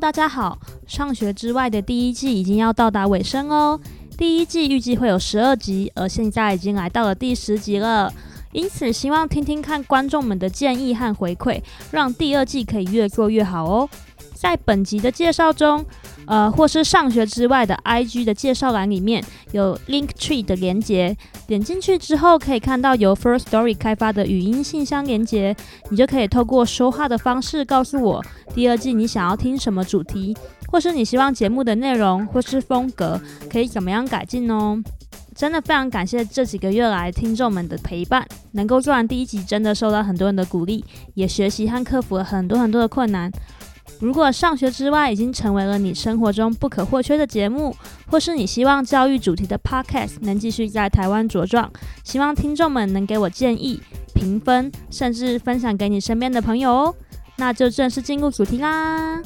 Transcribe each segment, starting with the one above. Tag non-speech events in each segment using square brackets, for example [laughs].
大家好，上學之外的第一季已經要到達尾聲哦。第一季預計會有十二集，而現在已經來到了第十集了。因此，希望聽聽看觀眾們的建議和回饋，讓第二季可以越做越好哦。在本集的介紹中，呃，或是上學之外的 IG 的介紹欄裡面有 Linktree 的連接。點進去之後，可以看到由 First Story 開發的語音信箱連結，你就可以透過說話的方式告訴我，第二季你想要聽什麼主題，或是你希望節目的內容或是風格可以怎麼樣改進哦。真的非常感謝這幾個月來聽眾們的陪伴，能夠做完第一集，真的受到很多人的鼓勵，也學習和克服了很多很多的困難。如果上學之外已經成為了你生活中不可或缺的節目，或是你希望教育主題的 podcast 能繼續在台灣茁壯，希望聽眾們能給我建議、評分，甚至分享給你身邊的朋友哦。那就正式進入主題啦。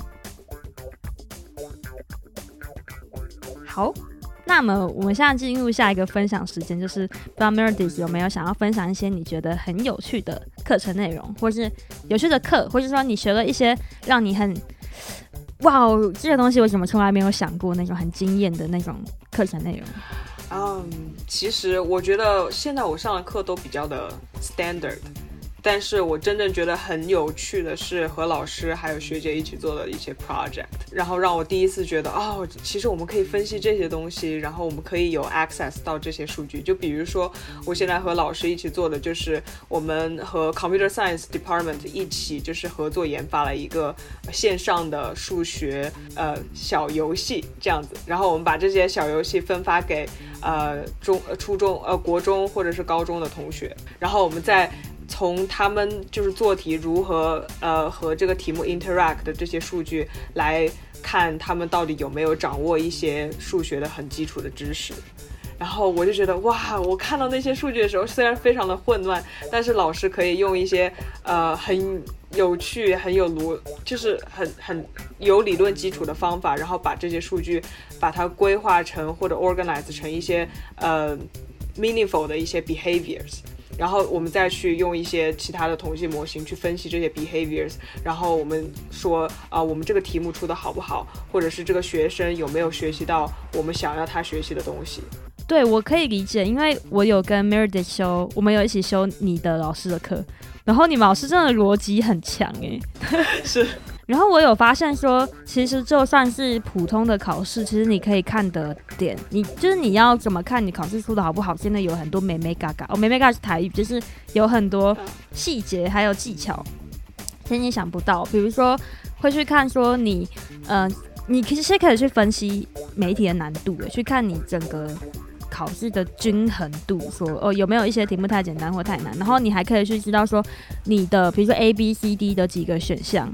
好。那麼我們現在進入下一個分享時間，就是不知道 Meredith 有沒有想要分享一些你覺得很有趣的課程內容，或者是有趣的課，或者說你學了一些讓你很哇哦，這些東西我怎麼從來沒有想過那種很驚艷的那種課程內容？嗯、um，其實我覺得現在我上的課都比較的 standard。但是我真正覺得很有趣的是和老師還有學姐一起做的一些 project，然後讓我第一次覺得哦，其實我們可以分析這些東西，然後我們可以有 access 到這些數據。就比如說，我現在和老師一起做的就是我們和 computer science department 一起就是合作研發了一個線上的數學呃小遊戲這樣子，然後我們把這些小遊戲分發給呃中初中呃國中或者是高中的同學，然後我們在從他們就是做題如何呃和這個題目 interact 的這些數據來看，他們到底有沒有掌握一些數學的很基礎的知識？然後我就覺得哇，我看到那些數據的時候，雖然非常的混亂，但是老師可以用一些呃很有趣、很有邏，就是很很有理論基礎的方法，然後把這些數據把它規劃成或者 organize 成一些呃 meaningful 的一些 behaviors。然後我們再去用一些其他的統計模型去分析這些 behaviors，然後我們說啊、呃，我們這個題目出的好不好，或者是這個學生有沒有學習到我們想要他學習的東西。對，我可以理解，因為我有跟 Meredith 修，我們有一起修你的老師的課，然後你們老師真的邏輯很強耶，是。然後我有發現說，其實就算是普通的考試，其實你可以看的點，你就是你要怎麼看你考試出的好不好，現在有很多眉眉角角哦，眉眉角是台語，就是有很多細節還有技巧，其實你想不到。比如說會去看說你，呃，你其實可以去分析媒體的難度的，去看你整個考試的均衡度，說哦，有沒有一些題目太簡單或太難。然後你還可以去知道說你的，比如說 A B C D 的幾個選項。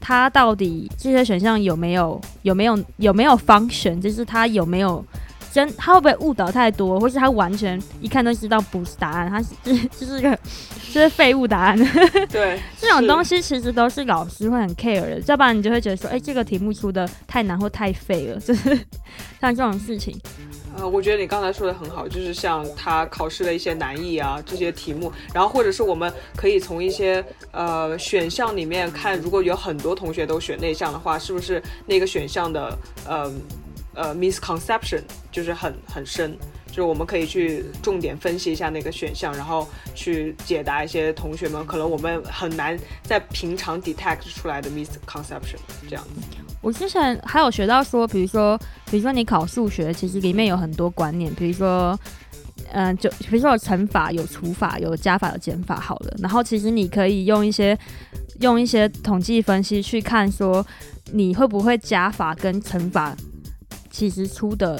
他到底這些選項有沒有有沒有有沒有 function，就是他有沒有真？他會不會誤導太多？或是他完全一看都知道不是答案？他是這這是個就是廢、就是就是、物答案？ [laughs] 對，這種東西其實都是老師會很 care 的，要不然你就會覺得說，哎、欸，這個題目出的太難或太廢了，就是像這種事情。我覺得你剛才說的很好，就是像他考試的一些難易啊這些題目，然後或者是我們可以從一些呃選項裡面看，如果有很多同學都選那項的話，是不是那個選項的呃呃 misconception 就是很很深，就是我們可以去重點分析一下那個選項，然後去解答一些同學們可能我們很難在平常 detect 出來的 misconception 這樣子。我之前還有學到說，比如說，比如說你考數學，其實裡面有很多觀念，比如說，嗯、呃，就比如說有乘法、有除法、有加法、有減法，好了，然後其實你可以用一些用一些統計分析去看，說你會不會加法跟乘法其實出得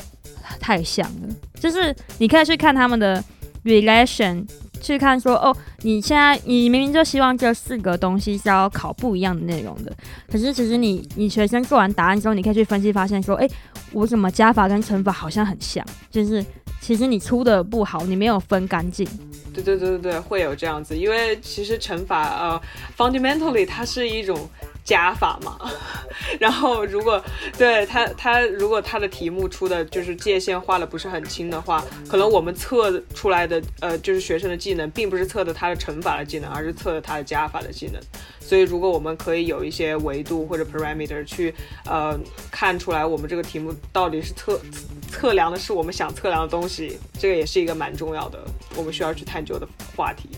太像了，就是你可以去看他們的 relation。去看說哦，你現在你明明就希望這四個東西是要考不一樣的內容的，可是其實你你學生做完答案之後，你可以去分析發現說，哎、欸，我怎麼加法跟乘法好像很像，就是。其實你出的不好，你沒有分乾淨。對對對對對，會有這樣子，因為其實乘法呃，fundamentally 它是一種加法嘛。然後如果，對，他他如果他的題目出的就是界限畫的不是很清的話，可能我們測出來的呃就是學生的技能，並不是測的他的乘法的技能，而是測的他的加法的技能。所以，如果我們可以有一些維度或者 parameter 去，呃，看出來我們這個題目到底是測測量的是我們想測量的東西，這個也是一個蠻重要的，我們需要去探究的話題。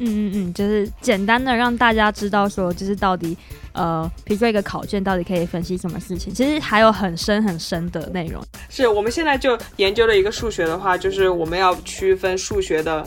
嗯嗯嗯，就是簡單的讓大家知道，說就是到底，呃 PISA 一個考卷，到底可以分析什麼事情？其實還有很深很深的內容。是我們現在就研究了一個數學的話，就是我們要區分數學的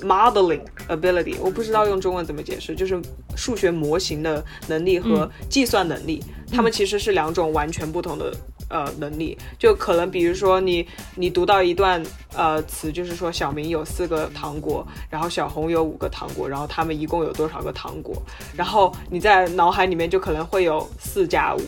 modeling ability，我不知道用中文怎麼解釋，就是數學模型的能力和計算能力，它、嗯、們其實是兩種完全不同的。呃，能力就可能，比如說你，你讀到一段呃詞，就是說小明有四個糖果，然後小紅有五個糖果，然後他們一共有多少個糖果？然後你在腦海裡面就可能會有四加五。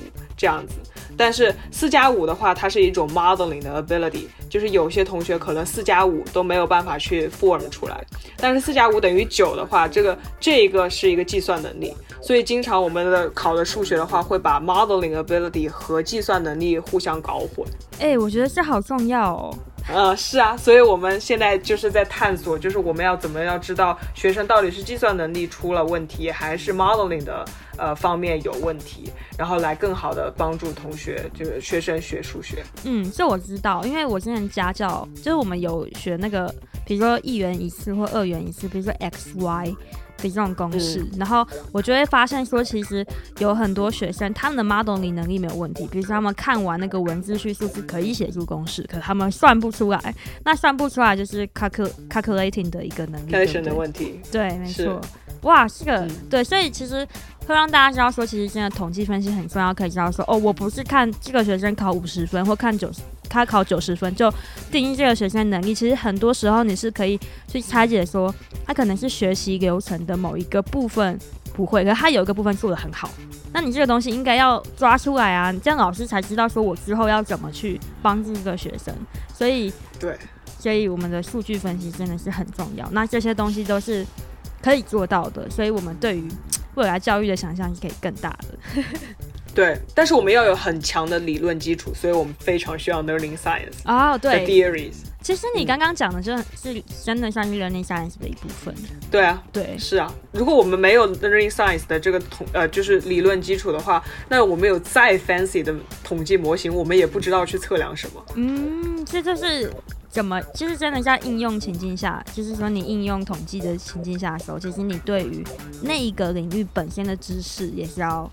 這樣子，但是四加五的話，它是一種 modeling 的 ability，就是有些同學可能四加五都沒有辦法去 form 出來。但是四加五等於九的話，這個這一個是一個計算能力，所以經常我們的考的數學的話，會把 modeling ability 和計算能力互相搞混。誒，我覺得這好重要哦。嗯，是啊，所以我們現在就是在探索，就是我們要怎麼要知道學生到底是計算能力出了問題，還是 modeling 的呃方面有問題，然後來更好的幫助同學，就是學生學數學。嗯，這我知道，因為我之前家教就是我們有學那個，比如說一元一次或二元一次，比如說 x y。這種公式，嗯，然後我就會發現說，其實有很多學生他們的 modeling 能力沒有問題，比如說他們看完那個文字敘述是可以寫出公式，可他們算不出來。那算不出來就是 calculating 的一個能力，計算的問題。對，沒錯。哇是個、嗯、對，所以其實會讓大家知道說，其實真的統計分析很重要，可以知道說，哦，我不是看這個學生考五十分或看九十。他考九十分就定義這個學生能力，其實很多時候你是可以去拆解說，他可能是學習流程的某一個部分不會，可是他有一個部分做得很好，那你這個東西應該要抓出來啊，這樣老師才知道說我之後要怎麼去幫助這個學生。所以，對，所以我們的數據分析真的是很重要，那這些東西都是可以做到的，所以我們對於未來教育的想象是可以更大的。 [laughs] 對，但是我們要有很強的理論基礎，所以我們非常需要 learning science。Oh，哦，對，theories。其實你剛剛講的，就是真的像是 learning science 的一部分。對啊，對，是啊。如果我們沒有 learning science 的這個統呃，就是理論基礎的話，那我們有再 fancy 的統計模型，我們也不知道去測量什麼。嗯，這就是怎麼，就是真的在應用情境下，就是說你應用統計的情境下的時候，其實你對於那一個領域本身的知識也是要。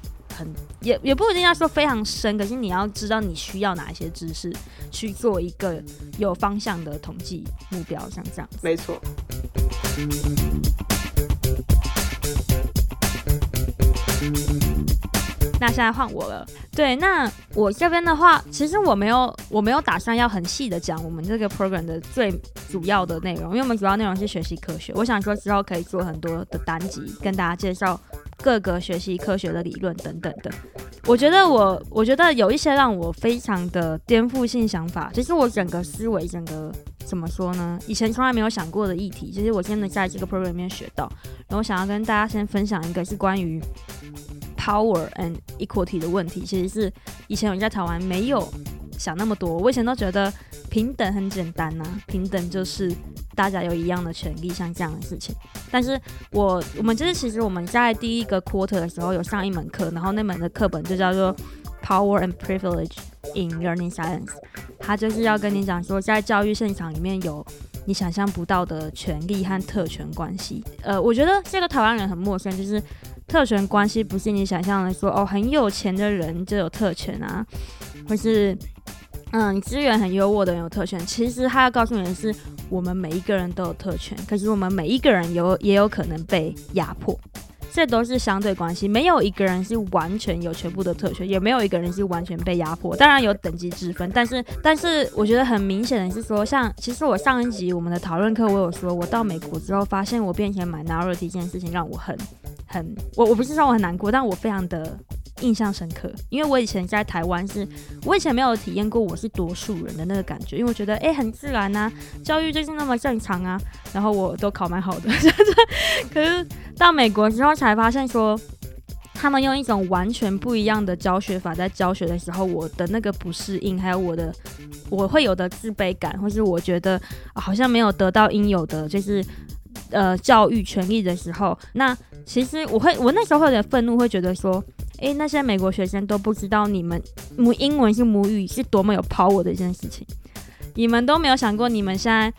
也也不一定要說非常深，可是你要知道你需要哪一些知識去做一個有方向的統計目標，像這樣子。沒錯。那現在換我了，對，那我這邊的話，其實我沒有我沒有打算要很細的講我們這個 program 的最主要的內容，因為我們主要內容是學習科學。我想說之後可以做很多的單集跟大家介紹。各個學習科學的理論等等的，我覺得我我覺得有一些讓我非常的顛覆性想法，其實我整個思維整個怎麼說呢？以前從來沒有想過的議題，其實我現在在這個 program 裡面學到，然後想要跟大家先分享一個，是關於 power and equality 的問題，其實是以前我在台灣沒有。想那麼多，我以前都覺得平等很簡單吶、啊，平等就是大家有一樣的權利，像這樣的事情。但是我，我們就是其實我們在第一個 quarter 的時候有上一門課，然後那門的課本就叫做《Power and Privilege in Learning Science》，它就是要跟你講說，在教育現場裡面有。你想象不到的權力和特權關係，呃，我覺得這個台灣人很陌生，就是特權關係不是你想象的說哦，很有錢的人就有特權啊，或是嗯，資、呃、源很優渥的人有特權。其實他要告訴你的是，我們每一個人都有特權，可是我們每一個人有也有可能被壓迫。這都是相對關係，沒有一個人是完全有全部的特權，也沒有一個人是完全被壓迫。當然有等級之分，但是，但是我覺得很明顯的是說，像其實我上一集我們的討論課，我有說，我到美國之後發現我變成 minority 這件事情讓我很很，我我不是說我很難過，但我非常的。印象深刻，因為我以前在台灣是，我以前沒有體驗過我是多數人的那個感覺，因為我覺得誒、欸、很自然吶、啊，教育就是那麼正常啊，然後我都考蠻好的、就是，可是到美國之後才發現說，他們用一種完全不一樣的教學法在教學的時候，我的那個不適應，還有我的我會有的自卑感，或是我覺得好像沒有得到應有的就是。呃，教育權利的時候，那其實我會，我那時候會有點憤怒，會覺得說，誒、欸，那些美國學生都不知道你們母英文是母語是多麼有 power 的一件事情，你們都沒有想過，你們現在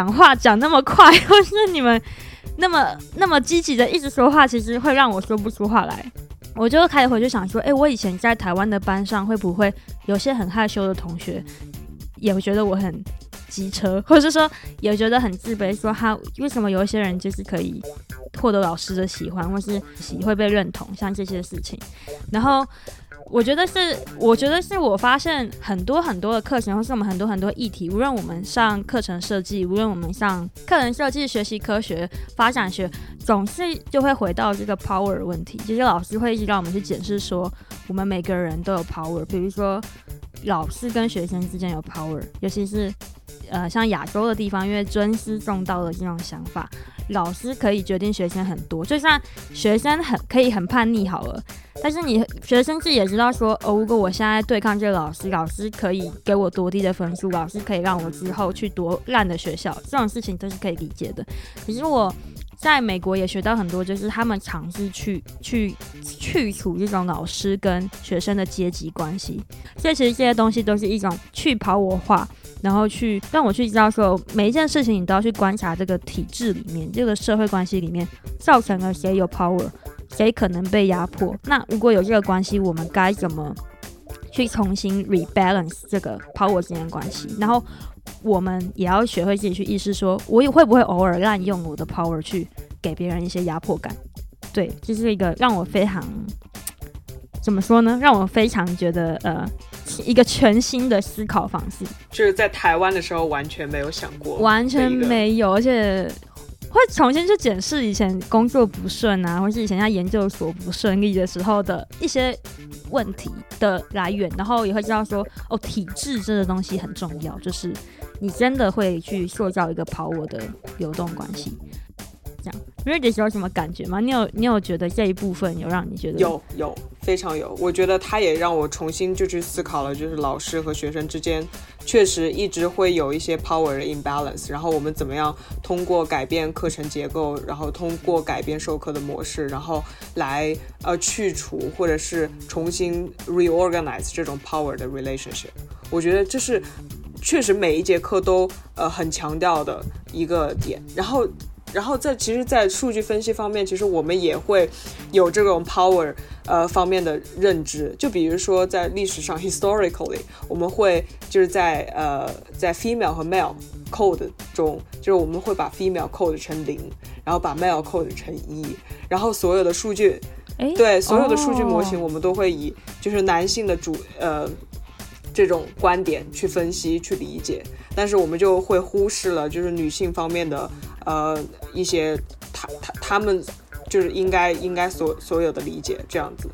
講話講那麼快，或者是你們那麼那麼積極的一直說話，其實會讓我說不出話來。我就開始回去想說，哎、欸，我以前在台灣的班上，會不會有些很害羞的同學，也會覺得我很。機車，或者是說，也覺得很自卑，說他為什麼有一些人就是可以獲得老師的喜歡，或是喜會被認同，像這些事情，然後。我覺得是，我覺得是我發現很多很多的課程，或是我們很多很多議題，無論我們上課程設計，無論我們上課程設計、學習科學、發展學，總是就會回到這個 power 問題。就是老師會一直讓我們去解釋說，我們每個人都有 power，比如說老師跟學生之間有 power，尤其是呃像亞洲的地方，因為尊師重道的這種想法。老師可以決定學生很多，就算學生很可以很叛逆好了，但是你學生自己也知道說，哦，如果我現在對抗這個老師，老師可以給我多低的分數，老師可以讓我之後去多爛的學校，這種事情都是可以理解的。可是我在美國也學到很多，就是他們嘗試去去去除這種老師跟學生的階級關係，所以其實這些東西都是一種去權威化。然後去讓我去知道說，每一件事情你都要去觀察這個體制裡面、這個社會關係裡面造成了誰有 power，誰可能被壓迫。那如果有這個關係，我們該怎麼去重新 rebalance 這個 power 之間的關係？然後我們也要學會自己去意識說，說我也會不會偶爾濫用我的 power 去給別人一些壓迫感？對，這、就是一個讓我非常怎麼說呢？讓我非常覺得呃。一個全新的思考方式，就是在台灣的時候完全沒有想過，完全沒有，而且會重新去檢視以前工作不順啊，或是以前在研究所不順利的時候的一些問題的來源，然後也會知道說，哦，體制這個東西很重要，就是你真的會去塑造一個跑我的流動關係。瑞 i r 有什麼感覺嗎？你有，你有覺得這一部分有讓你覺得有有非常有？我覺得他也讓我重新就去思考了，就是老師和學生之間確實一直會有一些 power imbalance，然後我們怎麼樣通過改變課程結構，然後通過改變授課的模式，然後來呃去除或者是重新 reorganize 這種 power 的 relationship。我覺得這是確實每一節課都呃很強調的一個點，然後。然後在其實，在數據分析方面，其實我們也會有這種 power 呃方面的認知。就比如說，在歷史上 historically，我們會就是在呃在 female 和 male code 中，就是我們會把 female code 成零，然後把 male code 成一，然後所有的數據，誒對所有的數據模型，我們都會以就是男性的主呃這種觀點去分析去理解，但是我們就會忽視了就是女性方面的。呃，一些他他他們就是應該應該所所有的理解這樣子，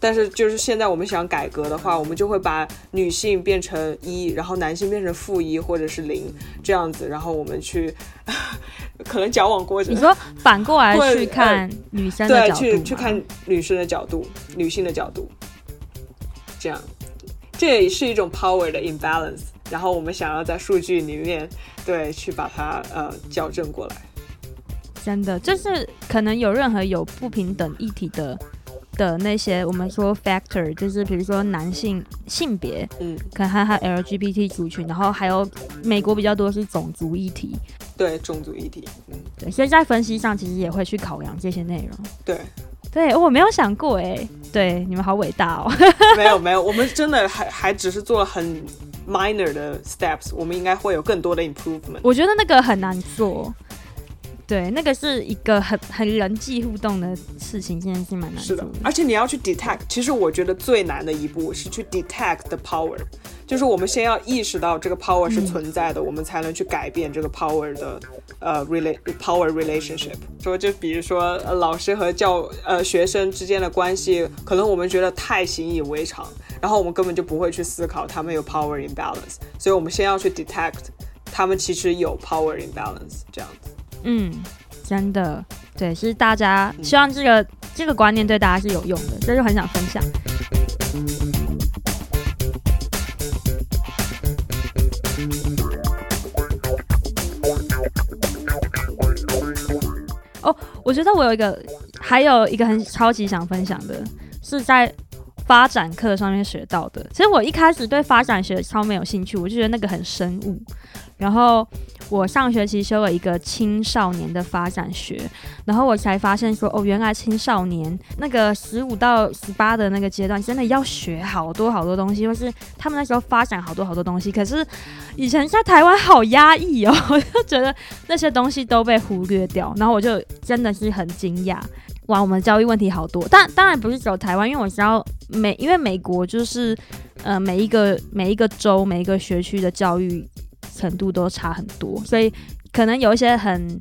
但是就是現在我們想改革的話，我們就會把女性變成一，然後男性變成負一或者是零這樣子，然後我們去可能矯枉過正，你說，反過來去看女生，對，去去看女生的角度，女性的角度，這樣，這也是一種 power 的 imbalance。然後我們想要在數據裡面，對，去把它呃矯正過來。真的，就是可能有任何有不平等議題的的那些，我們說 factor，就是比如說男性性別，嗯，可能還有 LGBT 族群，然後還有美國比較多是種族議題，對，種族議題，嗯，對，所以在分析上其實也會去考量這些內容，對。對，我沒有想過哎。對，你們好偉大哦。 [laughs] 沒有沒有，我們真的還還只是做了很 minor 的 steps，我們應該會有更多的 improvement。我覺得那個很難做。對，那個是一個很很人際互動的事情，真的是蠻難做的。是的，而且你要去 detect，其實我覺得最難的一步是去 detect the power。就是我們先要意識到這個 power 是存在的，嗯、我們才能去改變這個 power 的呃、uh, relate power relationship。說就比如說，呃，老師和教呃學生之間的關係，可能我們覺得太習以為常，然後我們根本就不會去思考他們有 power imbalance。所以，我們先要去 detect 他們其實有 power imbalance 這樣子。嗯，真的，對，是大家希望這個、嗯、這個觀念對大家是有用的，所以就很想分享。哦，我覺得我有一個，還有一個很超級想分享的，是在發展課上面學到的。其實我一開始對發展學超沒有興趣，我就覺得那個很生物，然後。我上學期修了一個青少年的發展學，然後我才發現說，哦，原來青少年那個十五到十八的那個階段，真的要學好多好多東西，或是他們那時候發展好多好多東西。可是以前在台灣好壓抑哦，我就覺得那些東西都被忽略掉。然後我就真的是很驚訝，哇，我們教育問題好多。但當然不是只有台灣，因為我知道美，因為美國就是，呃，每一個每一個州每一個學區的教育。程度都差很多，所以可能有一些很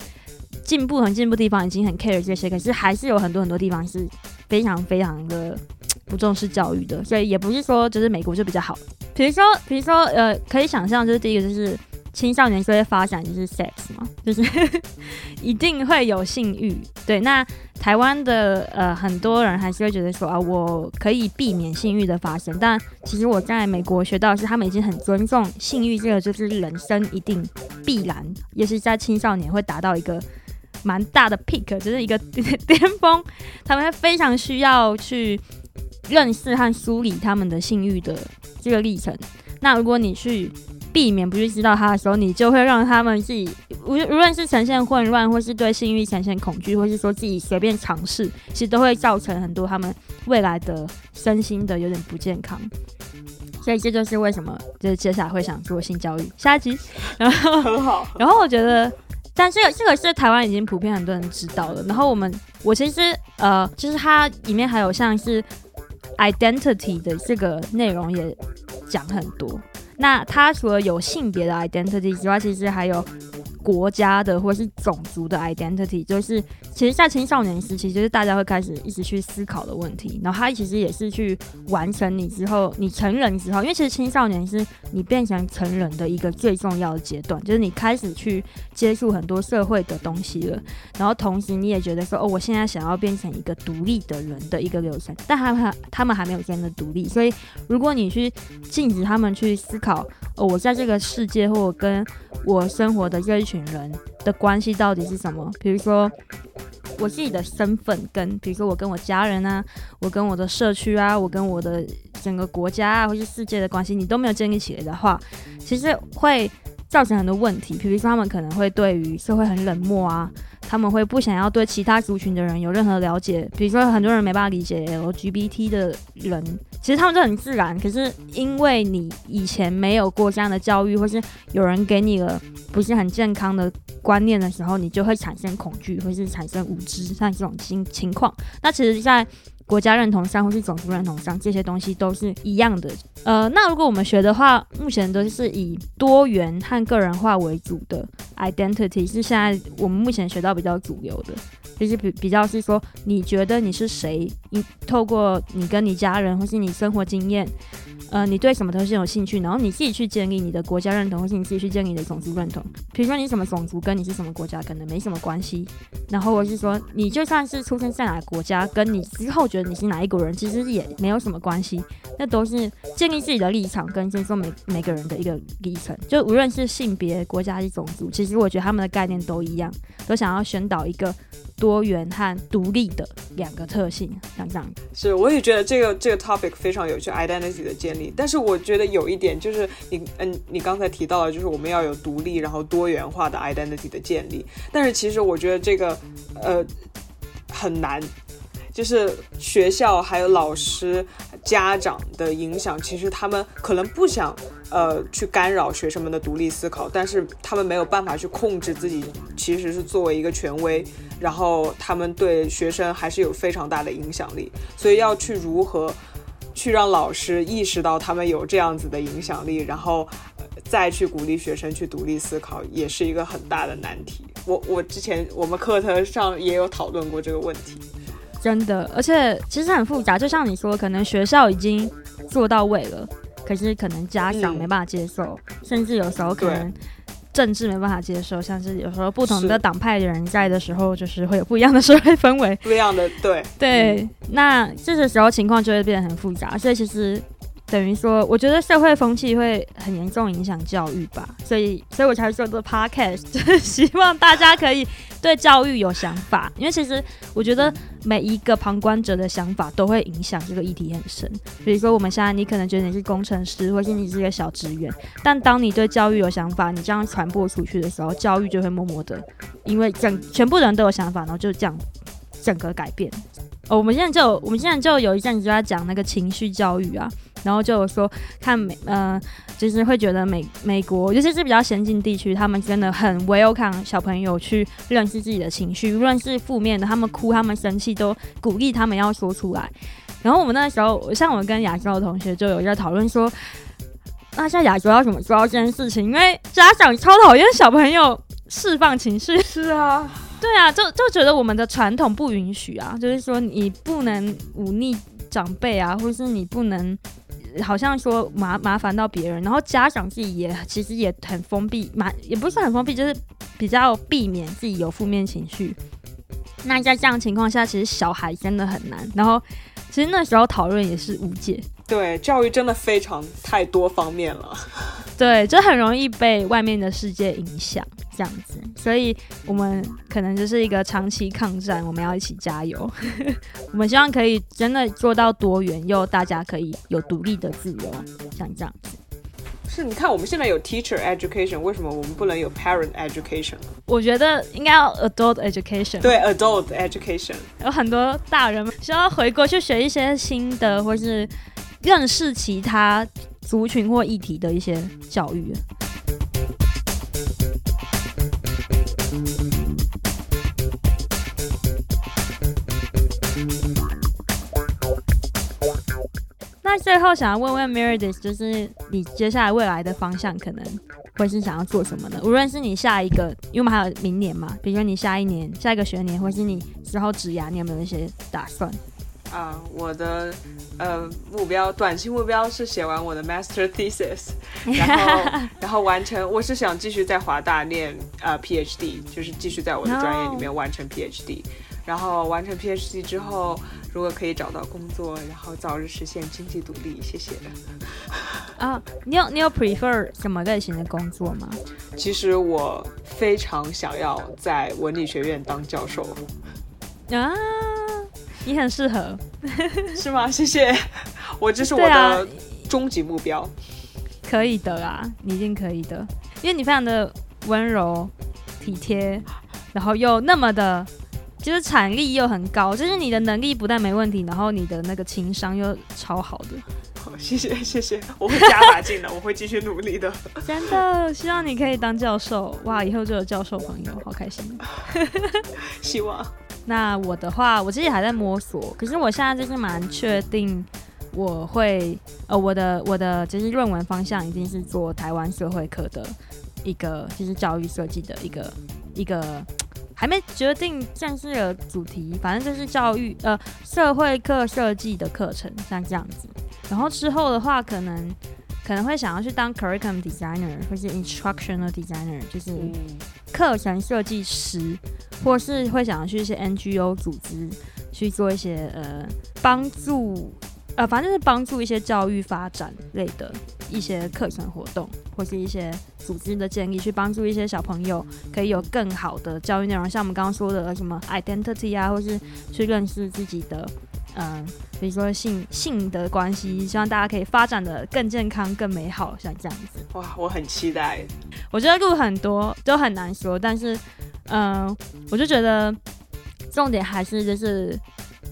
進步、很進步的地方已經很 care 這些，可是還是有很多很多地方是非常非常的不重視教育的，所以也不是說就是美國就比較好。比如說，比如說，呃，可以想象，就是第一個就是。青少年就的發展就是 sex 嘛，就是 [laughs] 一定會有性欲。對，那台灣的呃很多人還是會覺得說啊，我可以避免性欲的發生。但其實我在美國學到的是，他們已經很尊重性欲，這個就是人生一定必然，也是在青少年會達到一個蠻大的 peak，就是一個巔峰。他們會非常需要去認識和梳理他們的性欲的這個歷程。那如果你去避免不去知道他的時候，你就會讓他們自己，無無論是呈現混亂，或是對性欲呈現恐懼，或是說自己隨便嘗試，其實都會造成很多他們未來的身心的有點不健康。所以這就是為什麼，就是接下來會想做性教育。下一集，然後很好。然後我覺得，但是、這個、這個是台灣已經普遍很多人知道了。然後我們，我其實呃，就是它裡面還有像是 identity 的這個內容也講很多。那他除了有性別的 identity 之外，其實還有，國家的或是種族的 identity，就是其實，在青少年時期，就是大家會開始一直去思考的問題。然後，他其實也是去完成你之後，你成人之後，因為其實青少年是你變成成人的一個最重要的階段，就是你開始去接觸很多社會的東西了。然後，同時你也覺得說，哦，我現在想要變成一個獨立的人的一個流程。但他們還他們還沒有真的獨立，所以如果你去禁止他們去思考，哦，我在這個世界，或跟我生活的這一群人的關係到底是什麼？比如說，我自己的身份跟，比如說我跟我家人啊，我跟我的社區啊，我跟我的整個國家啊，或是世界的關係，你都沒有建立起來的話，其實會。造成很多問題，比如說他們可能會對於社會很冷漠啊，他們會不想要對其他族群的人有任何了解。比如說很多人沒辦法理解 LGBT 的人，其實他們就很自然。可是因為你以前沒有過這樣的教育，或是有人給你了不是很健康的觀念的時候，你就會產生恐懼，或是產生無知，像這種情情況。那其實，在國家認同上或是種族認同上，這些東西都是一樣的。呃，那如果我們學的話，目前都是以多元和個人化為主的 identity，是現在我們目前學到比較主流的，就是比比較是說你覺得你是誰，你透過你跟你家人或是你生活經驗。呃，你對什麼東西有興趣，然後你自己去建立你的國家認同，或是你自己去建立你的種族認同。比如說，你什麼種族跟你是什麼國家可能沒什麼關係，然後我是說，你就算是出生在哪個國家，跟你之後覺得你是哪一國人，其實也沒有什麼關係。那都是建立自己的立場跟就是說每每個人的一個歷程。就無論是性別、國家、還是種族，其實我覺得他們的概念都一樣，都想要宣導一個多元和獨立的兩個特性。像這樣是，我也覺得這個這個 topic 非常有趣，identity 的建立。但是我覺得有一點就是你嗯，你剛才提到了，就是我們要有獨立然後多元化的 identity 的建立。但是其實我覺得這個呃很難，就是學校還有老師、家長的影響，其實他們可能不想呃去干擾學生們的獨立思考，但是他們沒有辦法去控制自己，其實是作為一個權威，然後他們對學生還是有非常大的影響力。所以要去如何去讓老師意識到他們有這樣子的影響力，然後再去鼓勵學生去獨立思考，也是一個很大的難題。我我之前我們課堂上也有討論過這個問題，真的，而且其實很複雜。就像你說，可能學校已經做到位了，可是可能家長沒辦法接受，嗯，甚至有時候可能。政治沒辦法接受，像是有時候不同的黨派的人在的時候，就是會有不一樣的社會氛圍，不一樣的，對。對，嗯。那這個時候情況就會變得很複雜，所以其實。等於說，我覺得社會風氣會很嚴重影響教育吧，所以，所以我才說做這 podcast，就是希望大家可以對教育有想法，因為其實我覺得每一個旁觀者的想法都會影響這個議題很深。比如說，我們現在你可能覺得你是工程師，或是你是一個小職員，但當你對教育有想法，你這樣傳播出去的時候，教育就會默默的，因為整全部人都有想法，然後就這樣整個改變。哦、oh,，我們現在就我們現在就有一陣子就在講那個情緒教育啊，然後就有說看美呃，就是會覺得美美國尤其，就是這比較先進地區，他們真的很 welcome 小朋友去認識自己的情緒，無論是負面的，他們哭他們生氣都鼓勵他們要說出來。然後我們那時候，像我跟亞洲的同學就有在討論說，那在亞洲要怎麼做到這件事情？因為家長超討厭小朋友釋放情緒，是啊。對啊，就就覺得我們的傳統不允許啊，就是說你不能忤逆長輩啊，或是你不能好像說麻麻煩到別人，然後家長自己也其實也很封閉，嘛也不是很封閉，就是比較避免自己有負面情緒。那在這樣情況下，其實小孩真的很難。然後其實那時候討論也是無解。對，教育真的非常太多方面了，對，就很容易被外面的世界影響這樣子，所以我們可能就是一個長期抗戰，我們要一起加油。 [laughs] 我們希望可以真的做到多元，又大家可以有獨立的自由，像這樣子。是，你看我們現在有 teacher education，為什麼我們不能有 parent education？我覺得應該要 adult education。對 adult education，有很多大人需要回國去學一些新的，或是。認識其他族群或議題的一些教育。 [music] 那最後想要問問 Meredith，就是你接下來未來的方向可能會是想要做什麼呢？無論是你下一個，因為我們還有明年嘛，比如說你下一年、下一個學年，或是你之後職涯，你有沒有一些打算？啊、uh,，我的呃、uh, 目標，短期目標是寫完我的 master thesis， [laughs] 然後然後完成，我是想繼續在華大念呃、uh, PhD，就是繼續在我的專業裡面完成 PhD，、no. 然後完成 PhD 之後，oh. 如果可以找到工作，然後早日實現經濟獨立，謝謝。啊、 [laughs] uh,，你要你要 prefer 什麼類型的工作嗎？其實我非常想要在文理學院當教授。啊、uh.。你很適合，是嗎？謝謝，我這是我的終極目標。啊，可以的啊，你一定可以的，因為你非常的溫柔體貼，然後又那麼的，就是產力又很高，就是你的能力不但沒問題，然後你的那個情商又超好的。謝謝謝謝，我會加把勁的， [laughs] 我會繼續努力的。真的，希望你可以當教授。哇，以後就有教授朋友，好開心。 [laughs] 希望。那我的話，我自己還在摸索，可是我現在就是蠻確定，我會呃，我的我的就是論文方向一定是做台灣社會科的一個就是教育設計的一個一個，還沒決定正式的主題，反正就是教育呃社會科設計的課程像這樣子，然後之後的話可能。可能會想要去當 curriculum designer 或是 instructional designer，就是課程設計師，或是會想要去一些 NGO 組織去做一些呃幫助，呃反正是幫助一些教育發展類的一些課程活動，或是一些組織的建議，去幫助一些小朋友可以有更好的教育內容，像我們剛剛說的什麼 identity 啊，或是去認識自己的。嗯、呃，比如說性性的關係，希望大家可以發展的更健康、更美好，像這樣子。哇，我很期待。我覺得路很多，都很難說。但是，嗯、呃，我就覺得重點還是就是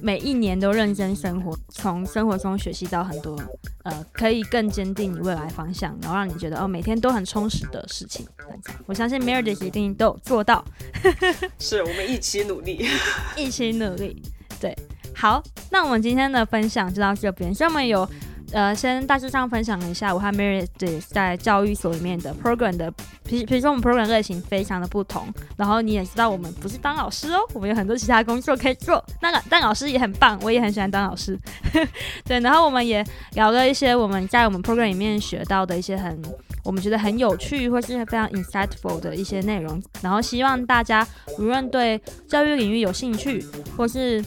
每一年都認真生活，從生活中學習到很多，呃，可以更堅定你未來方向，然後讓你覺得哦，每天都很充實的事情。我相信 Meredith 一定都有做到。 [laughs] 是，我們一起努力， [laughs] 一起努力，對。好，那我們今天的分享就到這邊。我們有，呃，先大致上分享了一下我和 Mary 在教育所裡面的 program 的，比比如說我們 program 的類型非常的不同。然後你也知道，我們不是當老師哦，我們有很多其他工作可以做。那個當老師也很棒，我也很喜歡當老師。 [laughs] 對，然後我們也聊了一些我們在我們 program 裡面學到的一些很我們覺得很有趣或是非常 insightful 的一些內容。然後希望大家無論對教育領域有興趣，或是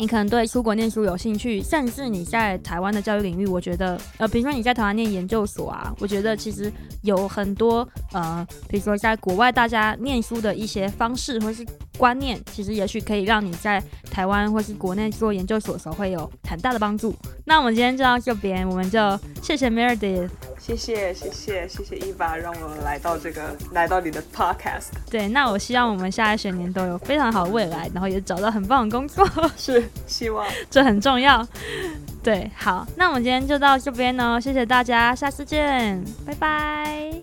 你可能對出國念書有興趣，甚至你在台灣的教育領域，我覺得，呃，比如說你在台灣念研究所啊，我覺得其實有很多，呃，比如說在國外大家念書的一些方式，或是觀念其實也許可以讓你在台灣或是國內做研究所的時候會有很大的幫助。那我們今天就到這邊，我們就謝謝 Meredith，謝謝謝謝謝謝 Eva，讓我們來到這個來到你的 Podcast。對，那我希望我們下一學年都有非常好的未來，然後也找到很棒的工作。是，希望這 [laughs] 很重要。對，好，那我們今天就到這邊哦，謝謝大家，下次見，拜拜。